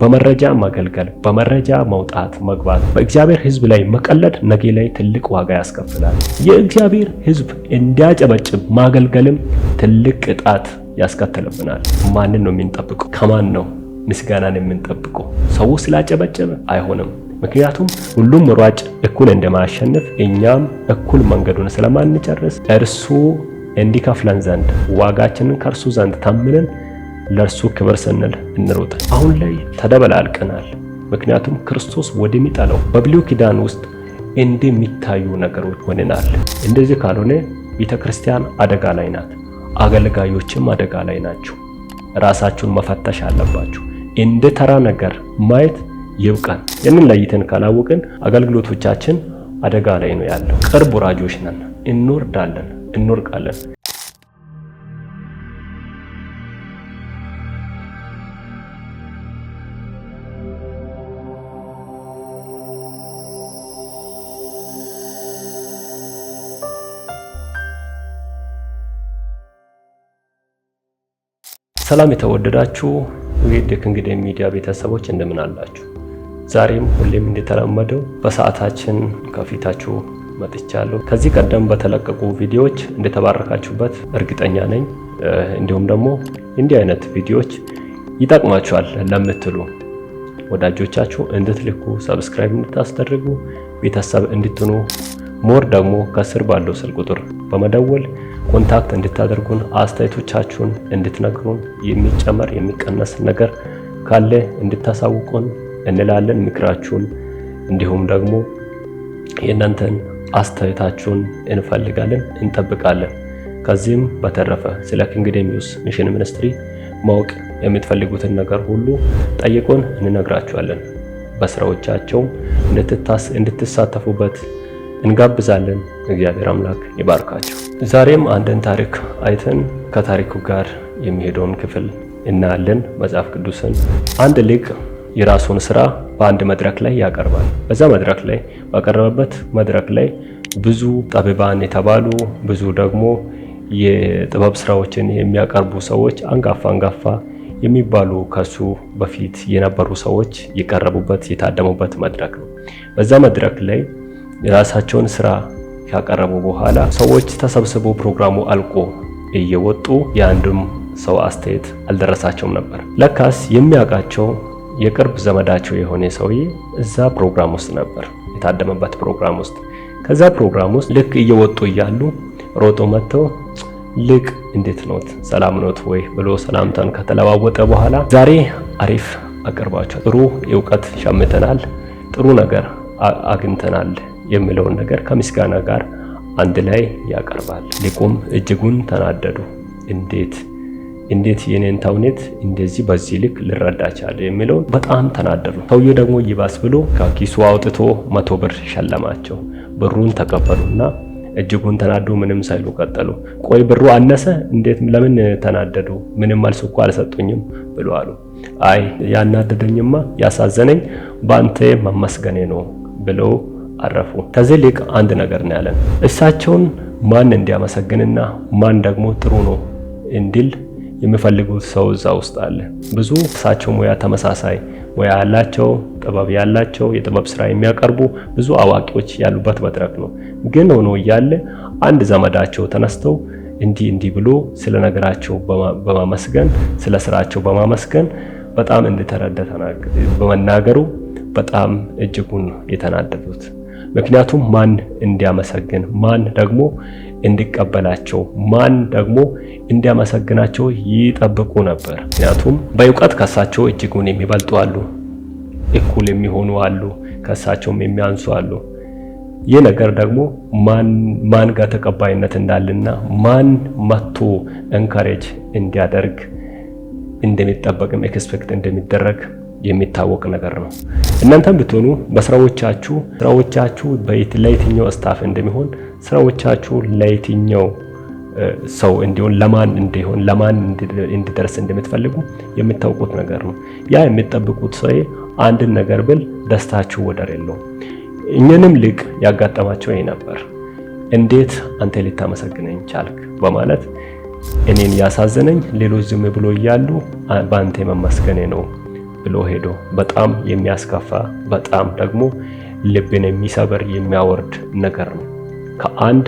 በመረጃ መገልገል፣ በመረጃ መውጣት መግባት፣ በእግዚአብሔር ሕዝብ ላይ መቀለድ ነገ ላይ ትልቅ ዋጋ ያስከፍላል። የእግዚአብሔር ሕዝብ እንዲያጨበጭብ ማገልገልም ትልቅ ቅጣት ያስከትልብናል። ማንን ነው የምንጠብቀው? ከማን ነው ምስጋናን የምንጠብቀው? ሰው ስላጨበጨበ አይሆንም። ምክንያቱም ሁሉም ሯጭ እኩል እንደማያሸንፍ እኛም እኩል መንገዱን ስለማንጨርስ እርሱ እንዲከፍለን ዘንድ ዋጋችንን ከእርሱ ዘንድ ታምነን ለእርሱ ክብር ስንል እንሩጥ። አሁን ላይ ተደበላልቀናል። ምክንያቱም ክርስቶስ ወደሚጠላው በብሉይ ኪዳን ውስጥ እንደሚታዩ ነገሮች ሆነናል። እንደዚህ ካልሆነ ቤተ ክርስቲያን አደጋ ላይ ናት፣ አገልጋዮችም አደጋ ላይ ናቸው። ራሳችሁን መፈተሽ አለባችሁ። እንደ ተራ ነገር ማየት ይብቃን። ይህንን ለይተን ካላወቅን አገልግሎቶቻችን አደጋ ላይ ነው ያለው። ቅርብ ወራጆች ነን፣ እንወርዳለን፣ እንወርቃለን። ሰላም የተወደዳችሁ ውድ የክንግዴ ሚዲያ ቤተሰቦች እንደምን አላችሁ? ዛሬም ሁሌም እንደተለመደው በሰዓታችን ከፊታችሁ መጥቻለሁ። ከዚህ ቀደም በተለቀቁ ቪዲዮዎች እንደተባረካችሁበት እርግጠኛ ነኝ። እንዲሁም ደግሞ እንዲህ አይነት ቪዲዮዎች ይጠቅማችኋል ለምትሉ ወዳጆቻችሁ እንድትልኩ፣ ሰብስክራይብ እንድታስደርጉ፣ ቤተሰብ እንድትኑ ሞር ደግሞ ከስር ባለው ስልክ ቁጥር በመደወል ኮንታክት እንድታደርጉን አስተያየቶቻችሁን እንድትነግሩን የሚጨመር የሚቀነስ ነገር ካለ እንድታሳውቁን እንላለን። ምክራችሁን እንዲሁም ደግሞ የእናንተን አስተያየታችሁን እንፈልጋለን፣ እንጠብቃለን። ከዚህም በተረፈ ስለ ኪንግደም ኒውስ ሚሽን ሚኒስትሪ ማወቅ የምትፈልጉትን ነገር ሁሉ ጠይቁን፣ እንነግራችኋለን። በስራዎቻቸውም እንድትሳተፉበት እንጋብዛለን። እግዚአብሔር አምላክ ይባርካቸው። ዛሬም አንድን ታሪክ አይተን ከታሪኩ ጋር የሚሄደውን ክፍል እናያለን። መጽሐፍ ቅዱስን አንድ ሊቅ የራሱን ስራ በአንድ መድረክ ላይ ያቀርባል። በዛ መድረክ ላይ ባቀረበበት መድረክ ላይ ብዙ ጠቢባን የተባሉ ብዙ ደግሞ የጥበብ ስራዎችን የሚያቀርቡ ሰዎች አንጋፋ አንጋፋ የሚባሉ ከሱ በፊት የነበሩ ሰዎች የቀረቡበት የታደሙበት መድረክ ነው። በዛ መድረክ ላይ የራሳቸውን ስራ ካቀረቡ በኋላ ሰዎች ተሰብስበው ፕሮግራሙ አልቆ እየወጡ የአንድም ሰው አስተያየት አልደረሳቸውም ነበር። ለካስ የሚያውቃቸው የቅርብ ዘመዳቸው የሆነ ሰውዬ እዛ ፕሮግራም ውስጥ ነበር፣ የታደመበት ፕሮግራም ውስጥ። ከዛ ፕሮግራም ውስጥ ልክ እየወጡ እያሉ ሮጦ መጥተው ልቅ እንዴት ኖት ሰላም ኖት ወይ ብሎ ሰላምታን ከተለዋወጠ በኋላ ዛሬ አሪፍ አቅርባቸው ጥሩ እውቀት ሸምተናል፣ ጥሩ ነገር አግኝተናል የሚለውን ነገር ከምስጋና ጋር አንድ ላይ ያቀርባል። ሊቁም እጅጉን ተናደዱ። እንዴት እንዴት የኔን ተውኔት እንደዚህ በዚህ ልክ ልረዳ ቻለ የሚለውን በጣም ተናደዱ። ሰውየው ደግሞ ይባስ ብሎ ከኪሱ አውጥቶ መቶ ብር ሸለማቸው። ብሩን ተቀበሉና እጅጉን ተናዱ። ምንም ሳይሉ ቀጠሉ። ቆይ ብሩ አነሰ? እንዴት ለምን ተናደዱ? ምንም መልስ እኮ አልሰጡኝም ብሎ አሉ። አይ ያናደደኝማ ያሳዘነኝ በአንተ መመስገኔ ነው ብለው አረፉ። ከዚህ ሊቅ አንድ ነገር ነው ያለን። እሳቸውን ማን እንዲያመሰግንና ማን ደግሞ ጥሩ ነው እንዲል የሚፈልጉት ሰው እዛ ውስጥ አለ። ብዙ እሳቸው ሙያ ተመሳሳይ ሙያ ያላቸው ጥበብ ያላቸው የጥበብ ስራ የሚያቀርቡ ብዙ አዋቂዎች ያሉበት መድረክ ነው። ግን ሆኖ እያለ አንድ ዘመዳቸው ተነስተው እንዲህ እንዲህ ብሎ ስለ ነገራቸው በማመስገን ስለ ስራቸው በማመስገን በጣም እንደተረዳ በመናገሩ በጣም እጅጉን የተናደዱት ምክንያቱም ማን እንዲያመሰግን፣ ማን ደግሞ እንዲቀበላቸው፣ ማን ደግሞ እንዲያመሰግናቸው ይጠብቁ ነበር። ምክንያቱም በእውቀት ከሳቸው እጅጉን የሚበልጡ አሉ፣ እኩል የሚሆኑ አሉ፣ ከሳቸውም የሚያንሱ አሉ። ይህ ነገር ደግሞ ማን ጋር ተቀባይነት እንዳለና ማን መቶ እንካሬጅ እንዲያደርግ እንደሚጠበቅም ኤክስፔክት እንደሚደረግ የሚታወቅ ነገር ነው። እናንተም ብትሆኑ በስራዎቻችሁ ስራዎቻችሁ ለየትኛው ስታፍ እንደሚሆን ስራዎቻችሁ ለየትኛው ሰው እንዲሆን ለማን እንዲሆን ለማን እንዲደርስ እንደምትፈልጉ የምታውቁት ነገር ነው። ያ የምትጠብቁት ሰው አንድን ነገር ብል ደስታችሁ ወደር የለውም። እኛንም ልቅ ያጋጠማቸው ይሄ ነበር። እንዴት አንተ ልታመሰግነኝ ቻልክ በማለት እኔን ያሳዘነኝ ሌሎች ዝም ብሎ እያሉ በአንተ መመስገኔ ነው። ብሎ ሄዶ በጣም የሚያስከፋ በጣም ደግሞ ልብን የሚሰብር የሚያወርድ ነገር ነው። ከአንድ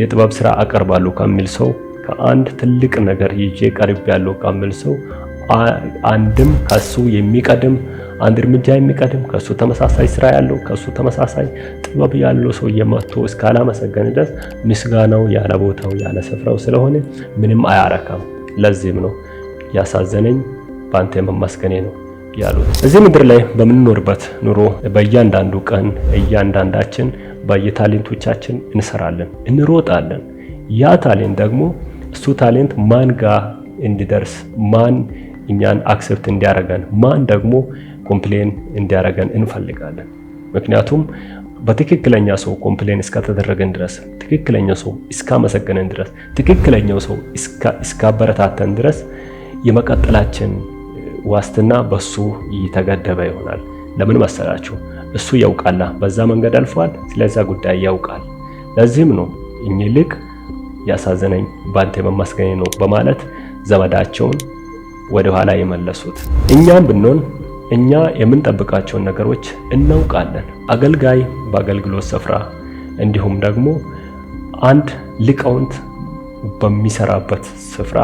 የጥበብ ስራ አቀርባለሁ ከሚል ሰው ከአንድ ትልቅ ነገር ይዤ ቀርብ ያለው ከሚል ሰው አንድም ከሱ የሚቀድም አንድ እርምጃ የሚቀድም ከሱ ተመሳሳይ ስራ ያለው ከሱ ተመሳሳይ ጥበብ ያለው ሰው የመጥቶ እስካላመሰገን ድረስ ምስጋናው ያለ ቦታው ያለ ስፍራው ስለሆነ ምንም አያረካም። ለዚህም ነው ያሳዘነኝ በአንተ መመስገኔ ነው። ያሉት። እዚህ ምድር ላይ በምንኖርበት ኑሮ በእያንዳንዱ ቀን እያንዳንዳችን በየታሌንቶቻችን እንሰራለን፣ እንሮጣለን። ያ ታሌንት ደግሞ እሱ ታሌንት ማን ጋር እንዲደርስ ማን እኛን አክሴፕት እንዲያደርገን ማን ደግሞ ኮምፕሌን እንዲያደርገን እንፈልጋለን። ምክንያቱም በትክክለኛ ሰው ኮምፕሌን እስከተደረገን ድረስ ትክክለኛ ሰው እስካመሰገነን ድረስ ትክክለኛው ሰው እስካበረታተን ድረስ የመቀጠላችን ዋስትና በሱ የተገደበ ይሆናል። ለምን መሰላችሁ? እሱ ያውቃላ፣ በዛ መንገድ አልፏል፣ ስለዛ ጉዳይ ያውቃል። ለዚህም ነው እኚህ ልቅ ያሳዘነኝ ባንተ መማስገኝ ነው በማለት ዘመዳቸውን ወደ ኋላ የመለሱት። እኛም ብንሆን እኛ የምንጠብቃቸውን ነገሮች እናውቃለን። አገልጋይ በአገልግሎት ስፍራ እንዲሁም ደግሞ አንድ ሊቃውንት በሚሰራበት ስፍራ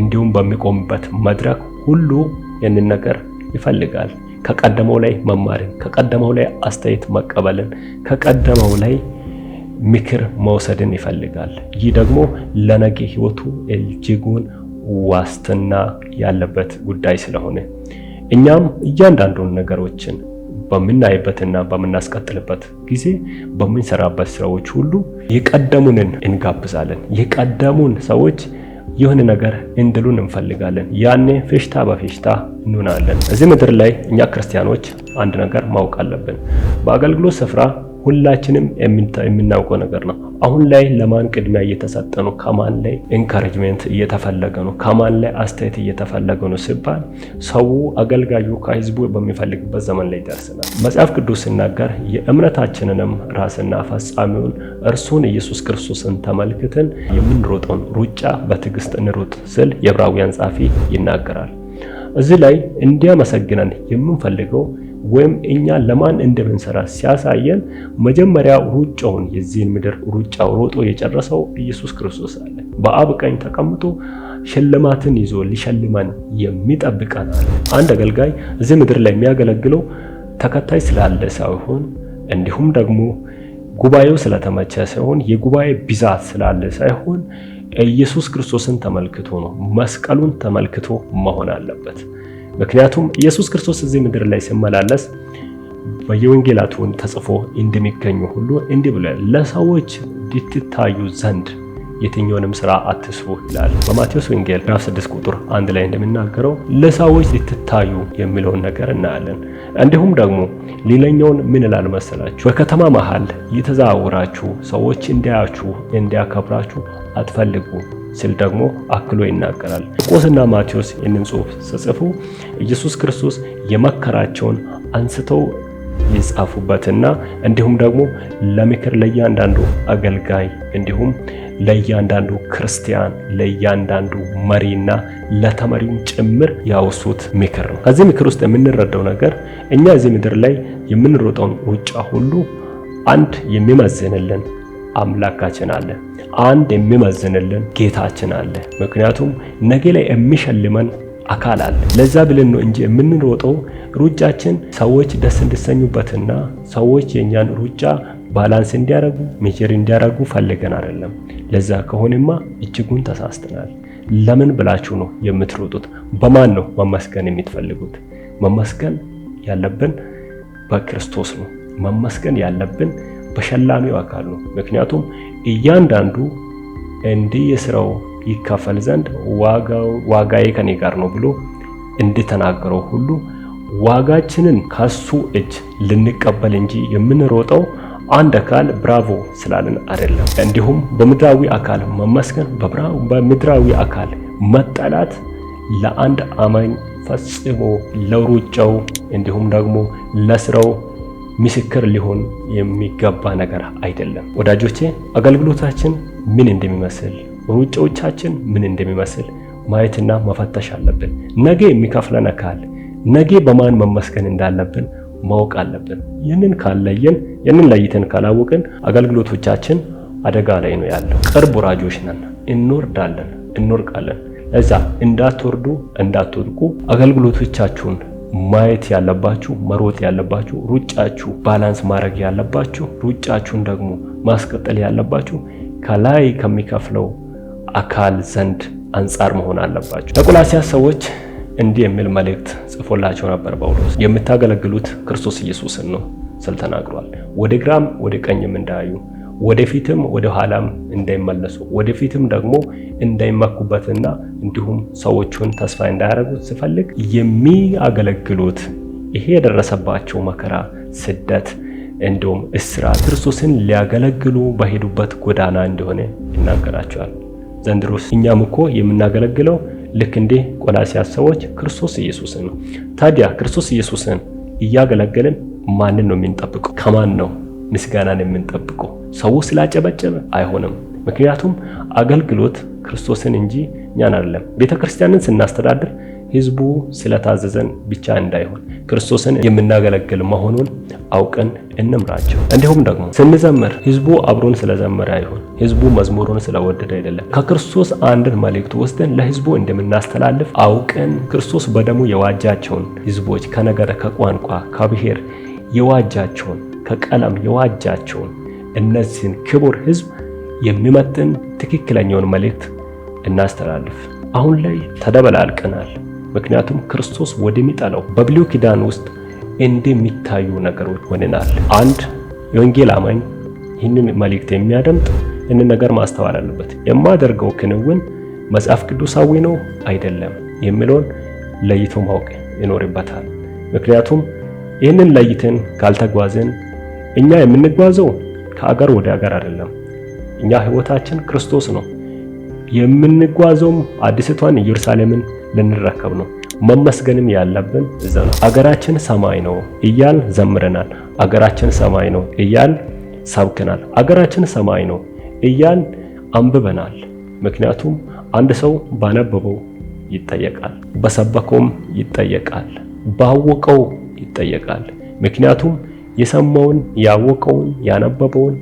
እንዲሁም በሚቆምበት መድረክ ሁሉ ያንን ነገር ይፈልጋል። ከቀደመው ላይ መማርን፣ ከቀደመው ላይ አስተያየት መቀበልን፣ ከቀደመው ላይ ምክር መውሰድን ይፈልጋል። ይህ ደግሞ ለነገ ህይወቱ እጅጉን ዋስትና ያለበት ጉዳይ ስለሆነ እኛም እያንዳንዱን ነገሮችን በምናይበትና በምናስቀጥልበት ጊዜ በምንሰራበት ስራዎች ሁሉ የቀደሙንን እንጋብዛለን። የቀደሙን ሰዎች የሆነ ነገር እንድሉን እንፈልጋለን። ያኔ ፌሽታ በፌሽታ እንሆናለን። እዚህ ምድር ላይ እኛ ክርስቲያኖች አንድ ነገር ማወቅ አለብን። በአገልግሎት ስፍራ ሁላችንም የምናውቀው ነገር ነው። አሁን ላይ ለማን ቅድሚያ እየተሰጠ ነው? ከማን ላይ ኢንካሬጅመንት እየተፈለገ ነው? ከማን ላይ አስተያየት እየተፈለገ ነው ሲባል ሰው አገልጋዩ ከህዝቡ በሚፈልግበት ዘመን ላይ ደርስናል። መጽሐፍ ቅዱስ ሲናገር የእምነታችንንም ራስና ፈጻሚውን እርሱን ኢየሱስ ክርስቶስን ተመልክተን የምንሮጠውን ሩጫ በትዕግስት እንሩጥ ስል የዕብራውያን ጻፊ ይናገራል። እዚህ ላይ እንዲያመሰግነን የምንፈልገው ወይም እኛ ለማን እንደምንሰራ ሲያሳየን መጀመሪያ ሩጫውን የዚህን ምድር ሩጫ ሮጦ የጨረሰው ኢየሱስ ክርስቶስ አለ። በአብ ቀኝ ተቀምጦ ሽልማትን ይዞ ሊሸልመን የሚጠብቀን አለ። አንድ አገልጋይ እዚህ ምድር ላይ የሚያገለግለው ተከታይ ስላለ ሳይሆን እንዲሁም ደግሞ ጉባኤው ስለተመቸ ሳይሆን የጉባኤ ብዛት ስላለ ሳይሆን ኢየሱስ ክርስቶስን ተመልክቶ ነው። መስቀሉን ተመልክቶ መሆን አለበት። ምክንያቱም ኢየሱስ ክርስቶስ እዚህ ምድር ላይ ሲመላለስ በየወንጌላቱን ተጽፎ እንደሚገኙ ሁሉ እንዲህ ብሏል፣ ለሰዎች እንድትታዩ ዘንድ የትኛውንም ስራ አትስሩ ይላል። በማቴዎስ ወንጌል ምዕራፍ 6 ቁጥር አንድ ላይ እንደሚናገረው ለሰዎች ልትታዩ የሚለውን ነገር እናያለን። እንዲሁም ደግሞ ሌላኛውን ምን ላል መሰላችሁ? በከተማ መሃል የተዛወራችሁ ሰዎች እንዲያያችሁ እንዲያከብራችሁ አትፈልጉ ሲል ደግሞ አክሎ ይናገራል። ቆስና ማቴዎስ ይህንን ጽሑፍ ሲጽፉ ኢየሱስ ክርስቶስ የመከራቸውን አንስተው የጻፉበትና እንዲሁም ደግሞ ለምክር ለእያንዳንዱ አገልጋይ እንዲሁም ለእያንዳንዱ ክርስቲያን ለእያንዳንዱ መሪና ለተመሪውም ጭምር ያውሱት ምክር ነው። ከዚህ ምክር ውስጥ የምንረዳው ነገር እኛ እዚህ ምድር ላይ የምንሮጠውን ሩጫ ሁሉ አንድ የሚመዝንልን አምላካችን አለ። አንድ የሚመዝንልን ጌታችን አለ። ምክንያቱም ነገ ላይ የሚሸልመን አካል አለ። ለዛ ብለን ነው እንጂ የምንሮጠው ሩጫችን ሰዎች ደስ እንዲሰኙበትና ሰዎች የእኛን ሩጫ ባላንስ እንዲያረጉ ሜጀር እንዲያረጉ ፈልገን አይደለም። ለዛ ከሆነማ እጅጉን ተሳስተናል። ለምን ብላችሁ ነው የምትሮጡት? በማን ነው መመስገን የምትፈልጉት? መመስገን ያለብን በክርስቶስ ነው። መመስገን ያለብን በሸላሚው አካል ነው። ምክንያቱም እያንዳንዱ እንደየስራው ይካፈል ዘንድ ዋጋዬ ከኔ ጋር ነው ብሎ እንደተናገረው ሁሉ ዋጋችንን ከሱ እጅ ልንቀበል እንጂ የምንሮጠው አንድ አካል ብራቮ ስላልን አይደለም። እንዲሁም በምድራዊ አካል መመስገን፣ በምድራዊ አካል መጠላት ለአንድ አማኝ ፈጽሞ ለሩጫው እንዲሁም ደግሞ ለስራው ምስክር ሊሆን የሚገባ ነገር አይደለም። ወዳጆቼ አገልግሎታችን ምን እንደሚመስል፣ ሩጫዎቻችን ምን እንደሚመስል ማየትና መፈተሽ አለብን። ነገ የሚከፍለን አካል ነገ በማን መመስገን እንዳለብን ማወቅ አለብን። ይህንን ካለየን ይህንን ለይተን ካላወቅን አገልግሎቶቻችን አደጋ ላይ ነው ያለው። ቅርብ ወራጆች ነን፣ እንወርዳለን፣ እንወርቃለን። ለዛ እንዳትወርዱ እንዳትወድቁ አገልግሎቶቻችሁን ማየት ያለባችሁ መሮጥ ያለባችሁ ሩጫችሁ ባላንስ ማድረግ ያለባችሁ ሩጫችሁን ደግሞ ማስቀጠል ያለባችሁ ከላይ ከሚከፍለው አካል ዘንድ አንጻር መሆን አለባችሁ። ለቆላሲያ ሰዎች እንዲህ የሚል መልእክት ጽፎላቸው ነበር ጳውሎስ። የምታገለግሉት ክርስቶስ ኢየሱስን ነው ስል ተናግሯል። ወደ ግራም ወደ ቀኝም እንዳያዩ ወደፊትም ወደ ኋላም እንዳይመለሱ ወደፊትም ደግሞ እንዳይመኩበትና እንዲሁም ሰዎቹን ተስፋ እንዳያደርጉት ስፈልግ የሚያገለግሉት ይሄ የደረሰባቸው መከራ፣ ስደት እንዲሁም እስራ ክርስቶስን ሊያገለግሉ በሄዱበት ጎዳና እንደሆነ ይናገራቸዋል። ዘንድሮስ እኛም እኮ የምናገለግለው ልክ እንደ ቆላሲያስ ሰዎች ክርስቶስ ኢየሱስን ነው። ታዲያ ክርስቶስ ኢየሱስን እያገለገልን ማንን ነው የምንጠብቀው? ከማን ነው ምስጋናን የምንጠብቀው። ሰው ስላጨበጨበ አይሆንም። ምክንያቱም አገልግሎት ክርስቶስን እንጂ እኛን አይደለም። ቤተ ክርስቲያንን ስናስተዳድር ህዝቡ ስለታዘዘን ብቻ እንዳይሆን ክርስቶስን የምናገለግል መሆኑን አውቀን እንምራቸው። እንዲሁም ደግሞ ስንዘምር ህዝቡ አብሮን ስለዘመረ አይሆን፣ ህዝቡ መዝሙሩን ስለወደደ አይደለም። ከክርስቶስ አንድን መልእክት ወስደን ለህዝቡ እንደምናስተላልፍ አውቀን ክርስቶስ በደሙ የዋጃቸውን ህዝቦች ከነገረ ከቋንቋ ከብሔር የዋጃቸውን ከቀለም የዋጃቸውን እነዚህን ክቡር ህዝብ የሚመጥን ትክክለኛውን መልእክት እናስተላልፍ። አሁን ላይ ተደበላልቀናል። ምክንያቱም ክርስቶስ ወደሚጠላው በብሉይ ኪዳን ውስጥ እንደሚታዩ ነገሮች ሆነናል። አንድ የወንጌል አማኝ ይህንን መልእክት የሚያደምጥ ይህንን ነገር ማስተዋል አለበት። የማደርገው ክንውን መጽሐፍ ቅዱሳዊ ነው አይደለም የሚለውን ለይቶ ማወቅ ይኖርበታል። ምክንያቱም ይህንን ለይተን ካልተጓዘን እኛ የምንጓዘው ከአገር ወደ አገር አይደለም። እኛ ህይወታችን ክርስቶስ ነው። የምንጓዘውም አዲስቷን ኢየሩሳሌምን ልንረከብ ነው። መመስገንም ያለብን እዛ ነው። አገራችን ሰማይ ነው እያል ዘምረናል። አገራችን ሰማይ ነው እያል ሰብክናል። አገራችን ሰማይ ነው እያል አንብበናል። ምክንያቱም አንድ ሰው ባነበበው ይጠየቃል፣ በሰበከውም ይጠየቃል፣ ባወቀው ይጠየቃል። ምክንያቱም የሰማውን ያወቀውን ያነበበውን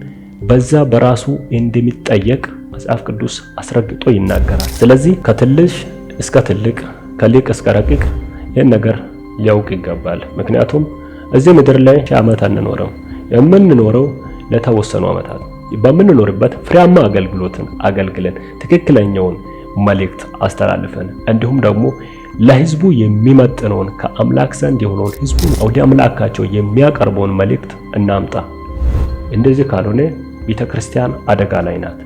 በዛ በራሱ እንደሚጠየቅ መጽሐፍ ቅዱስ አስረግጦ ይናገራል። ስለዚህ ከትልሽ እስከ ትልቅ ከሊቅ እስከ ረቂቅ ይህን ነገር ሊያውቅ ይገባል። ምክንያቱም እዚህ ምድር ላይ ሺህ ዓመት አንኖረም። የምንኖረው ለተወሰኑ ዓመታት በምንኖርበት ፍሬያማ አገልግሎትን አገልግለን ትክክለኛውን መልእክት አስተላልፈን እንዲሁም ደግሞ ለህዝቡ የሚመጥነውን ከአምላክ ዘንድ የሆነውን ህዝቡ ወደ አምላካቸው የሚያቀርበውን መልእክት እናምጣ። እንደዚህ ካልሆነ ቤተ ክርስቲያን አደጋ ላይ ናት፣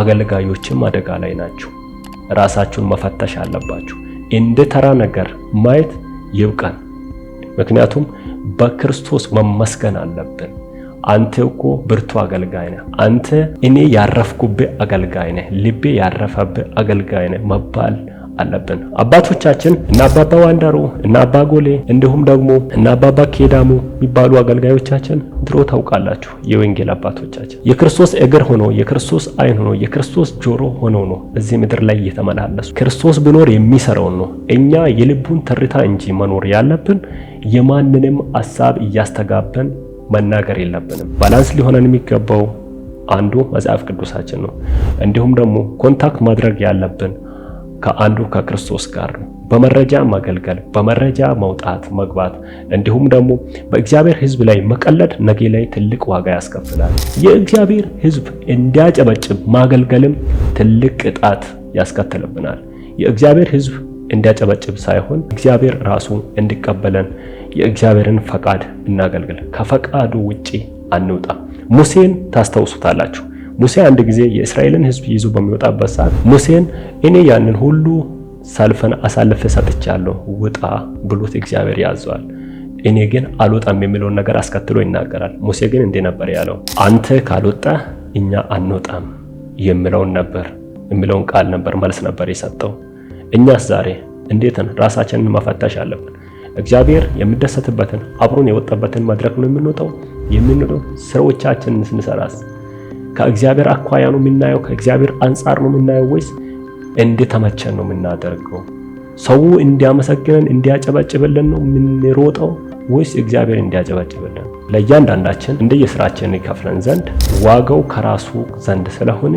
አገልጋዮችም አደጋ ላይ ናቸው። ራሳችሁን መፈተሽ አለባችሁ። እንደ ተራ ነገር ማየት ይብቃን። ምክንያቱም በክርስቶስ መመስገን አለብን። አንተ እኮ ብርቱ አገልጋይ ነህ፣ አንተ እኔ ያረፍኩብህ አገልጋይ ነህ፣ ልቤ ያረፈብህ አገልጋይ ነህ መባል አለብን። አባቶቻችን እና አባባ ዋንዳሮ እና አባ ጎሌ እንዲሁም ደግሞ እና አባባ ኬዳሙ የሚባሉ አገልጋዮቻችን ድሮ ታውቃላችሁ፣ የወንጌል አባቶቻችን የክርስቶስ እግር ሆኖ የክርስቶስ አይን ሆኖ የክርስቶስ ጆሮ ሆኖ ነው እዚህ ምድር ላይ እየተመላለሱ ክርስቶስ ብኖር የሚሰራውን ነው። እኛ የልቡን ትርታ እንጂ መኖር ያለብን የማንንም አሳብ እያስተጋበን መናገር የለብንም። ባላንስ ሊሆነን የሚገባው አንዱ መጽሐፍ ቅዱሳችን ነው። እንዲሁም ደግሞ ኮንታክት ማድረግ ያለብን ከአንዱ ከክርስቶስ ጋር ነው። በመረጃ ማገልገል፣ በመረጃ መውጣት መግባት፣ እንዲሁም ደግሞ በእግዚአብሔር ሕዝብ ላይ መቀለድ ነገ ላይ ትልቅ ዋጋ ያስከፍላል። የእግዚአብሔር ሕዝብ እንዲያጨበጭብ ማገልገልም ትልቅ ቅጣት ያስከትልብናል። የእግዚአብሔር ሕዝብ እንዲያጨበጭብ ሳይሆን እግዚአብሔር ራሱ እንዲቀበለን የእግዚአብሔርን ፈቃድ እናገልግል። ከፈቃዱ ውጪ አንውጣ። ሙሴን ታስታውሱታላችሁ። ሙሴ አንድ ጊዜ የእስራኤልን ሕዝብ ይዞ በሚወጣበት ሰዓት ሙሴን እኔ ያንን ሁሉ ሳልፈን አሳልፈ ሰጥቻለሁ ውጣ ብሎት እግዚአብሔር ያዘዋል። እኔ ግን አልወጣም የሚለውን ነገር አስከትሎ ይናገራል። ሙሴ ግን እንዴ ነበር ያለው፣ አንተ ካልወጣ እኛ አንወጣም የሚለውን ነበር የሚለውን ቃል ነበር መልስ ነበር የሰጠው። እኛስ ዛሬ እንዴትን ራሳችንን መፈተሽ አለብን። እግዚአብሔር የምደሰትበትን አብሮን የወጣበትን መድረክ ነው የምንወጣው። የምንወጣው ስራዎቻችንን ስንሰራስ ከእግዚአብሔር አኳያ ነው የምናየው? ከእግዚአብሔር አንጻር ነው የምናየው? ወይስ እንደተመቸን ነው የምናደርገው? ሰው እንዲያመሰግነን እንዲያጨበጭበልን ነው የምንሮጠው ወይስ እግዚአብሔር እንዲያጨበጭብልን ለእያንዳንዳችን እንደየስራችን ይከፍለን ዘንድ ዋጋው ከራሱ ዘንድ ስለሆነ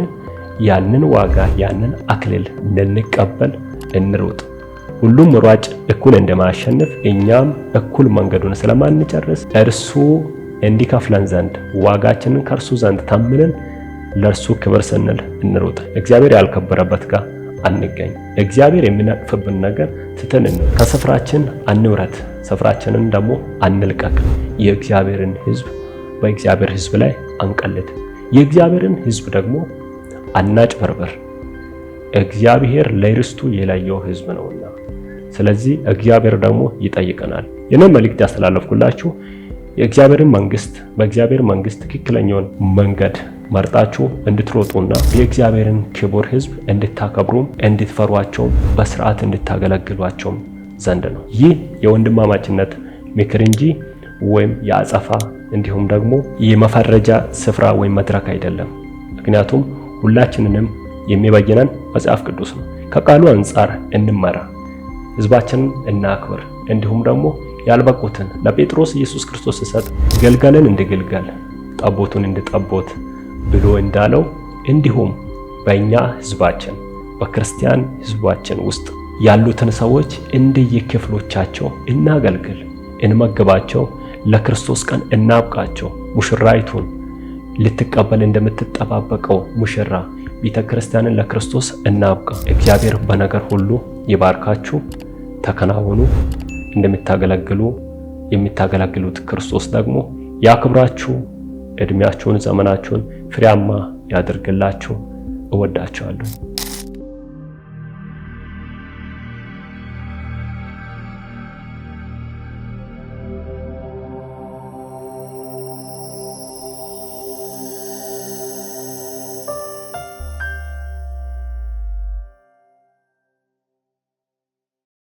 ያንን ዋጋ ያንን አክሊል እንድንቀበል እንሩጥ። ሁሉም ሯጭ እኩል እንደማያሸንፍ እኛም እኩል መንገዱን ስለማንጨርስ እርሱ እንዲከፍለን ዘንድ ዋጋችንን ከእርሱ ዘንድ ታምነን ለእርሱ ክብር ስንል እንሩጥ። እግዚአብሔር ያልከበረበት ጋር አንገኝ። እግዚአብሔር የሚነቅፍብን ነገር ትተን ከስፍራችን አንውረት፣ ስፍራችንን ደግሞ አንልቀቅ። የእግዚአብሔርን ሕዝብ በእግዚአብሔር ሕዝብ ላይ አንቀልድ። የእግዚአብሔርን ሕዝብ ደግሞ አናጭበርብር። እግዚአብሔር ለርስቱ የለየው ሕዝብ ነውና፣ ስለዚህ እግዚአብሔር ደግሞ ይጠይቀናል። የኔ መልእክት ያስተላለፍኩላችሁ የእግዚአብሔርን መንግስት በእግዚአብሔር መንግስት ትክክለኛውን መንገድ መርጣችሁ እንድትሮጡና የእግዚአብሔርን ክቡር ህዝብ እንድታከብሩም እንድትፈሯቸውም በስርዓት እንድታገለግሏቸውም ዘንድ ነው። ይህ የወንድማማችነት ምክር እንጂ ወይም የአጸፋ እንዲሁም ደግሞ የመፈረጃ ስፍራ ወይም መድረክ አይደለም። ምክንያቱም ሁላችንንም የሚበይነን መጽሐፍ ቅዱስ ነው። ከቃሉ አንጻር እንመራ፣ ህዝባችንን እናክብር፣ እንዲሁም ደግሞ ያልበቁትን ለጴጥሮስ ኢየሱስ ክርስቶስ ሰጥ ገልገልን እንደ ግልገል ጠቦቱን እንደ ጠቦት ብሎ እንዳለው እንዲሁም በእኛ ህዝባችን በክርስቲያን ህዝባችን ውስጥ ያሉትን ሰዎች እንደየክፍሎቻቸው እናገልግል፣ እንመግባቸው፣ ለክርስቶስ ቀን እናብቃቸው። ሙሽራይቱን ልትቀበል እንደምትጠባበቀው ሙሽራ ቤተ ክርስቲያንን ለክርስቶስ እናብቃ። እግዚአብሔር በነገር ሁሉ ይባርካችሁ። ተከናወኑ። እንደምታገለግሉ የሚታገለግሉት ክርስቶስ ደግሞ ያክብራችሁ፣ እድሜያችሁን ዘመናችሁን ፍሬያማ ያድርግላችሁ። እወዳችኋለሁ።